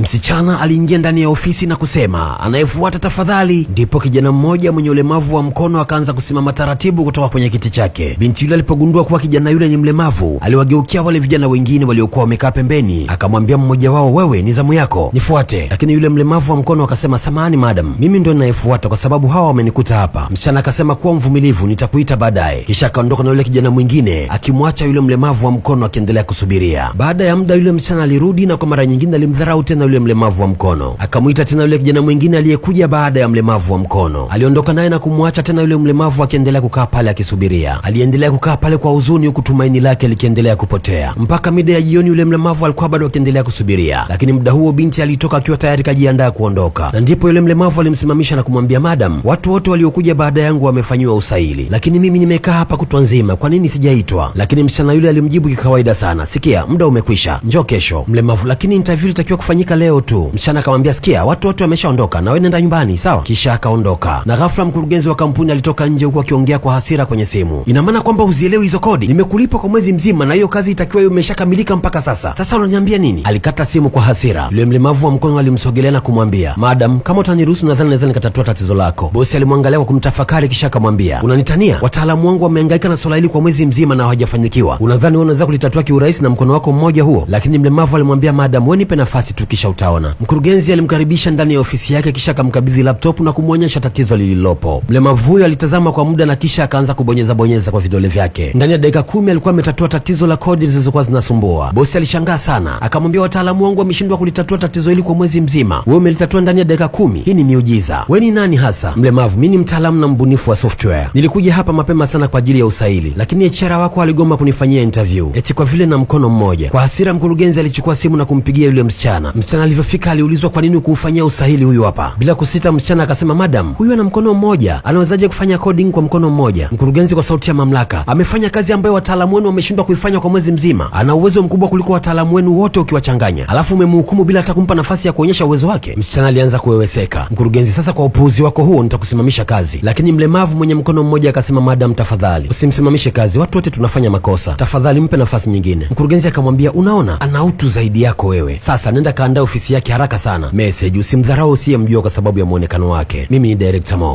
Msichana aliingia ndani ya ofisi na kusema, anayefuata tafadhali. Ndipo kijana mmoja mwenye ulemavu wa mkono akaanza kusimama taratibu kutoka kwenye kiti chake. Binti yule alipogundua kuwa kijana yule ni mlemavu, aliwageukia wale vijana wengine waliokuwa wamekaa pembeni, akamwambia mmoja wao, wewe ni zamu yako, nifuate. Lakini yule mlemavu wa mkono akasema, samahani madam, mimi ndo ninayefuata kwa sababu hawa wamenikuta hapa. Msichana akasema, kuwa mvumilivu, nitakuita baadaye. Kisha akaondoka na yule kijana mwingine akimwacha yule mlemavu wa mkono akiendelea kusubiria. Baada ya muda, yule msichana alirudi na kwa mara nyingine alimdharau tena yule mlemavu wa mkono, akamwita tena yule kijana mwingine aliyekuja baada ya mlemavu wa mkono. Aliondoka naye na kumwacha tena yule mlemavu akiendelea kukaa pale akisubiria. Aliendelea kukaa pale kwa huzuni, huku tumaini lake likiendelea kupotea. Mpaka mida ya jioni, yule mlemavu alikuwa bado akiendelea kusubiria, lakini muda huo binti alitoka akiwa tayari kajiandaa kuondoka, na ndipo yule mlemavu alimsimamisha na kumwambia, madam, watu wote waliokuja baada yangu wamefanyiwa usaili, lakini mimi nimekaa hapa kutwa nzima, kwa nini sijaitwa? Lakini msichana yule alimjibu kikawaida sana, sikia, muda umekwisha, njoo kesho mlemavu, lakini interview ilitakiwa kufanyika leo tu. mshana akamwambia sikia, watu wote wameshaondoka na wewe nenda nyumbani, sawa? Kisha akaondoka, na ghafla mkurugenzi wa kampuni alitoka nje huku akiongea kwa hasira kwenye simu. Ina maana kwamba huzielewi hizo kodi? Nimekulipa kwa mwezi mzima na hiyo kazi itakiwa iwe imeshakamilika mpaka sasa, sasa unaniambia nini? Alikata simu kwa hasira. Yule mlemavu wa mkono alimsogelea na kumwambia, madam, kama utaniruhusu, nadhani naweza nikatatua tatizo lako. Bosi alimwangalia kwa kumtafakari, kisha akamwambia, unanitania? Wataalamu wangu wameangaika na swala hili kwa mwezi mzima na hawajafanyikiwa. Unadhani wewe unaweza kulitatua kiurahisi na mkono wako mmoja huo? Lakini mlemavu alimwambia, madam, wewe nipe nafasi tu, kisha kisha utaona. Mkurugenzi alimkaribisha ndani ya ofisi yake kisha akamkabidhi laptop na kumwonyesha tatizo lililopo. Mlemavu huyo alitazama kwa muda na kisha akaanza kubonyeza bonyeza kwa vidole vyake. Ndani ya dakika kumi alikuwa ametatua tatizo la kodi zilizokuwa zinasumbua. Bosi alishangaa sana, akamwambia wataalamu wangu wameshindwa kulitatua tatizo hili kwa mwezi mzima, wewe umelitatua ndani ya dakika kumi? Hii ni miujiza. Wewe ni nani hasa? Mlemavu: mi ni mtaalamu na mbunifu wa software, nilikuja hapa mapema sana kwa ajili ya usaili, lakini HR wako aligoma kunifanyia interview eti kwa vile na mkono mmoja. Kwa hasira, mkurugenzi alichukua simu na kumpigia yule msichana. Msichana msichana alivyofika aliulizwa kwa nini kuufanyia usahili huyu hapa. Bila kusita, msichana akasema, madam, huyu ana mkono mmoja, anawezaje kufanya coding kwa mkono mmoja? Mkurugenzi kwa sauti ya mamlaka, amefanya kazi ambayo wataalamu wenu wameshindwa kuifanya kwa mwezi mzima. Ana uwezo mkubwa kuliko wataalamu wenu wote ukiwachanganya, alafu umemhukumu bila hata kumpa nafasi ya kuonyesha uwezo wake. Msichana alianza kuweweseka. Mkurugenzi, sasa kwa upuuzi wako huo nitakusimamisha kazi. Lakini mlemavu mwenye mkono mmoja akasema, madam, tafadhali usimsimamishe kazi, watu wote tunafanya makosa, tafadhali mpe nafasi nyingine. Mkurugenzi akamwambia, unaona, ana utu zaidi yako wewe, sasa nenda kaanda akaandaa ofisi yake haraka sana. Message: usimdharau usiyemjua kwa sababu ya mwonekano wake. Mimi ni Director Mo.